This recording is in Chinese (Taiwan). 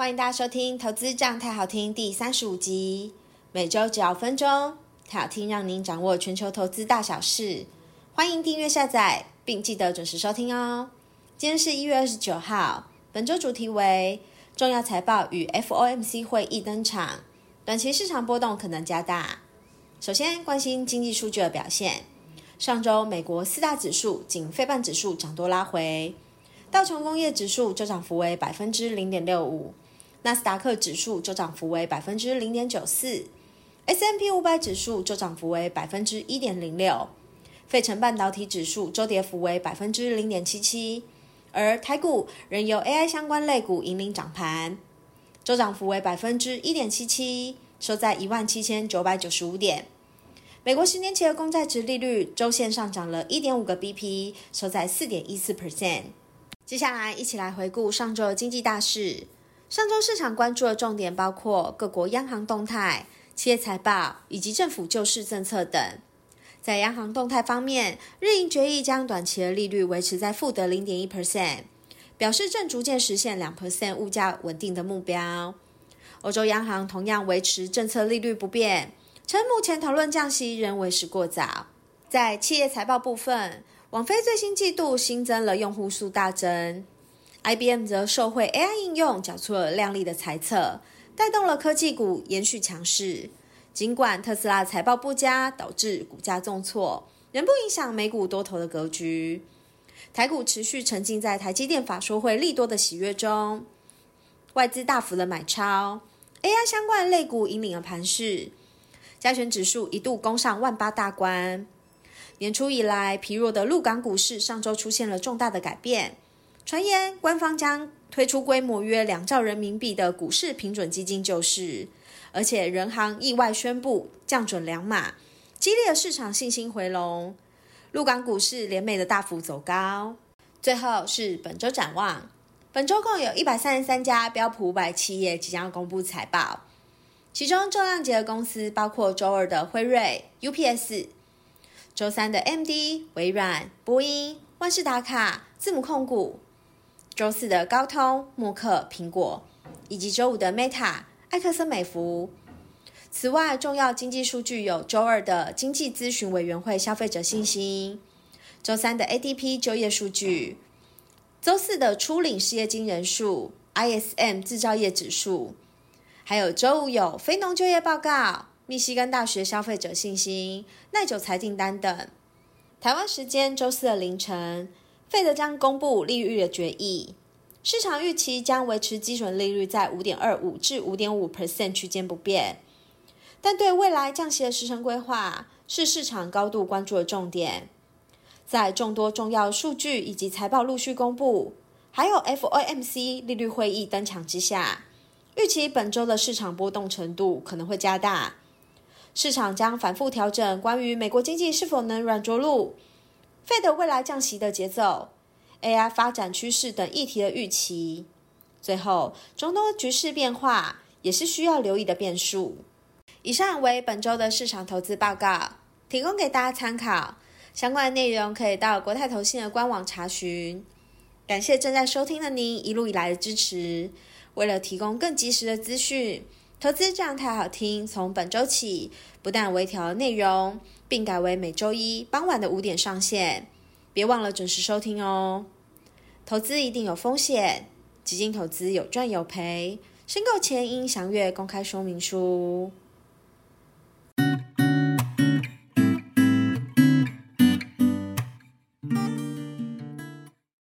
歡迎大家收聽《投資這樣泰好聽》第三十五集，每周只要分鐘，太好聽讓您掌握全球投資大小事。歡迎訂閱下載，並記得準時收聽哦。今天是一月二十九號，本周主題為重要財報與 FOMC 會議登場，短期市場波動可能加大。首先關心經濟數據的表現。上周美國四大指數僅費半指數漲多拉回，道瓊工業指數就漲幅為百分之零點六五。納斯達克指數，周漲幅為百分之零點九四，S&P 五百指數周漲幅為百分之一點零六，費城半導體指數周跌幅為百分之零點七七，而台股仍由 A I 相關類股引領漲盤，周漲幅為百分之一點七七，收在一萬七千九百九十五點。美國十年期的公債殖利率周線上漲了一點五個 B P，收在四點一四 percent。接下來一起來回顧上周的經濟大事。上週市場關注的重點包括各國央行動態、企業財報以及政府救市政策等。在央行動態方面，日銀決議將短期的利率維持在負的零點一 percent，表示正逐漸實現兩 percent 物價穩定的目標。歐洲央行同樣維持政策利率不變，稱目前討論降息仍為時過早。在企業財報部分，網飛最新季度新增了用戶數大增。IBM 則受惠 AI 應用，繳出了亮麗的財測，帶動了科技股延續強勢。儘管特斯拉財報不佳，導致股價重挫，仍不影響美股多頭的格局。台股持續沉浸在台積電法說會利多的喜悅中，外資大幅的買超，AI 相關的類股引領了盤勢，加權指數一度攻上萬八大關。年初以來疲弱的陸港股市，上周出現了重大的改變。傳言官方將推出規模約兩兆人民幣的股市平準基金救市，而且人行意外宣布降準兩碼，激勵市場信心回籠。陸港股市聯袂的大幅走高。最後是本周展望，本周共有一百三十三家標普五百企業即將要公布財報，其中重量級的公司包括周二的輝瑞、UPS，周三的 AMD、微軟、波音、萬事達卡、字母控股。周四的高通、默克、蘋果，以及周五的 Meta、艾克森美孚。此外，重要經濟數據有周二的經濟諮詢委員會消費者信心，周三的 ADP 就業數據，周四的初領失業金人數、ISM 製造業指數，還有周五有非農就業報告、密西根大學消費者信心、耐久財訂單等。台灣時間周四的凌晨。Fed 將公布利率的決議，市場預期將維持基準利率在五點二五至五點五 percent 區間不變。但對未來降息的時程規劃是市場高度關注的重點。在眾多重要數據以及財報陸續公布，還有 FOMC 利率會議登場之下，預期本周的市場波動程度可能會加大。市場將反復調整關於美國經濟是否能軟着陸。Fed 未來降息的節奏、AI 發展趨勢等議題的預期，最後中東局勢變化也是需要留意的變數。以上為本周的市場投資報告，提供給大家參考。相關的內容可以到國泰投信的官網查詢。感謝正在收聽的您一路以來的支持。為了提供更及時的資訊。投資這樣泰好聽，從本周起，不但微調內容，並改為每週一傍晚的五點上線，別忘了準時收聽哦。投資一定有風險，基金投資有賺有賠，申購前應詳閱公開說明書。